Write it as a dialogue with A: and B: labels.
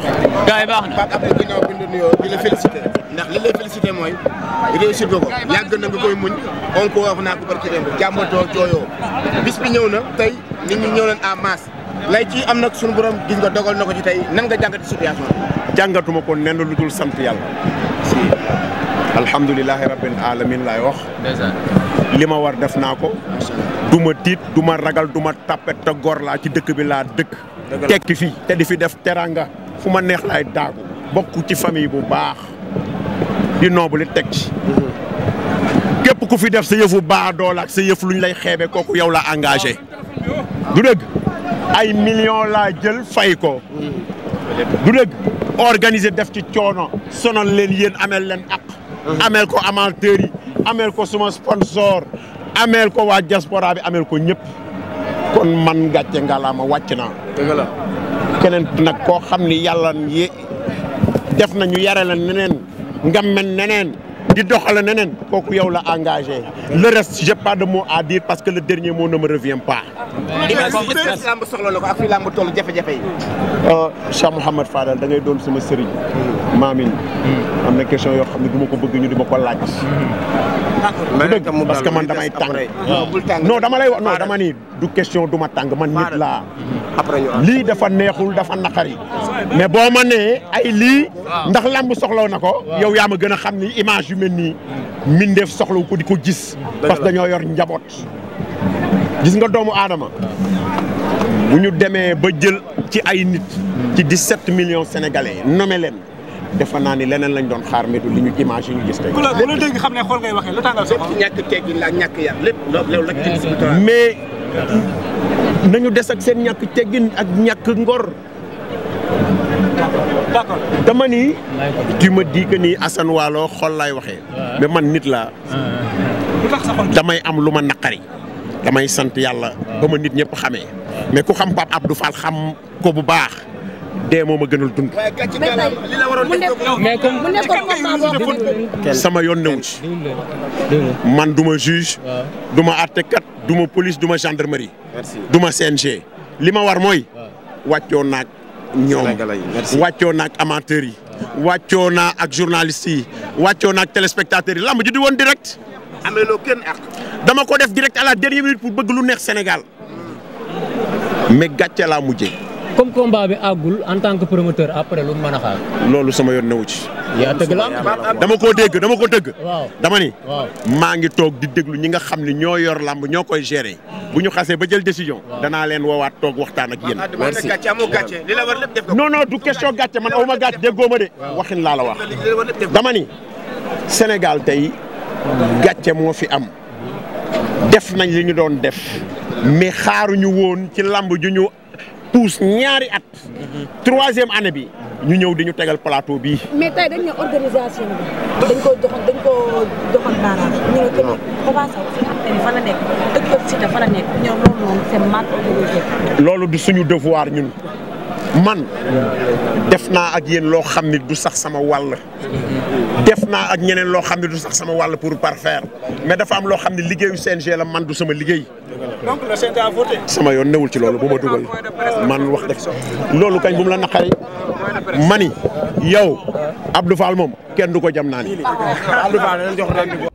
A: gars yi baax na Pape bi ñu nuyoo ndax li lay mooy réussir nga ko yàgg na nga koy muñ on ko wax naa ko barki bis bi ñëw na tey nit ñi ñëw nañ en masse lay ci am na suñu borom gi nga dogal na ko ci tey nan nga jàngati situation jàngatuma ko nenn lu dul sant yàlla alhamdulilahi alamin laay wax li ma war def naa ko du ma tiit duma ragal duma ma tàppet te gor laa ci dëkk bi laa dëkk tekki fi te di fi def teraanga fu ma neex laay daagu bokk ci famille bu baax di li teg képp ku fi def sa yëfu baax doole ak sa yëf luñ lay xeebe kooku yow la engagé du dëgg ay millions laa jël fay ko du dëgg organiser def ci coono sonal leen yéen ameel leen ak ameel ko amateurs yi ameel ko suma sponsor ameel ko waa diaspora bi ameel ko ñëpp kon man gàcce ngalaama wàcc naa keneen nag koo xam ni yàlla def na ñu yare la neneen ngam mel neneen di doxala neneen kooku yow la engagé le reste j'ai moo de parce que le dernier moo ne me revient pas. lamb soxla la ko ak jafe-jafe yi. Euh, Cheikh Mouhamed Fadal da doon sama sëriñ. maamin hmm. am na question yoo xam ne du ma ko bëgg ñu di ma ko laaj. Hmm. d'accord parce que man damay tàng. non dama lay wax non dama ni du question du ma tàng man nit la lii dafa neexul dafa naqari. mais boo ma nee ay lii. ndax lamb soxlaw na ko. yow yaa ma gën a xam ni image yu mel nii. mbindeef soxlaw ko di ko gis. parce que dañoo yor njaboot. gis nga doomu aadama. bu ñu demee ba jël ci ay nit. ci set million sénégalais nommé leen. defe naa ni leneen lañu doon xaar mais du li ñu image yi ñu gis tey. ku xam ne xool ñàkk teggin la mais nañu des ak seen ñàkk teggin ak ñàkk ngor. d'accord dama ni. tu me dis que ni Waalo xol laay waxe mais man nit laa. damay am lu ma naqari. damay sant yàlla. ba ma nit ñëpp xamee. mais ku xam Pape Abdou Fall xam ko bu baax. dee moom a gënal dund. mais comme sama yoon newu ci man du ma juge. du ma àttekat du ma police du ma gendarmerie. du ma CNG. li ma war mooy. wàccoo naag ñoom wàccoo naag amateurs yi. wàccoo naa ak journalistes yi wàccoo naa ak téléspectateurs yi lamb ji di woon direct. amee dama ko def direct à la dernière minute pour bëgg lu neex Sénégal mm. mais gàcce laa mujjee. comme combat bi àggul en tant que promoteur après lu mu mën a loolu sama yoon newu ci. yaa tëgg la dama koo dégg dama ko dégg. waaw dama ni. maa ngi toog di déglu ñi nga xam ni ñoo yor làmb ñoo koy gérer. bu ñu xasee ba jël décision. danaa leen woowaat toog waxtaan ak yéen. merci li la war lépp def ko. non du question gàcce man aw ma gàcce déggoo ma de. waxin laa la wax. dama ni Sénégal tey gàcce moo fi am. def nañ li ñu doon def. mais xaaruñu woon ci làmb ju ñu pousse ñaari at. troisième année bi ñu ñëw di ñu tegal plateau bii. mais tey dañ ne organisation bi dañ ko joxoon dañ ñu ne que ni Papa Sow fi nga xam ne fa loolu du suñu devoir ñun. man def naa ak yéen loo xam ni du sax sama wàll def naa ak ñeneen loo xam ne du sax sama wàll pour parfaire mais dafa am loo xam ne liggéeyu CNG la man du sama liggéey. sama yoon newul ci loolu bu ma dugal man wax dëgg loolu kañ bu mu la naqari mani yow Abdou Fall moom kenn du ko jam naa ni Abdou Fall jox rendez-vous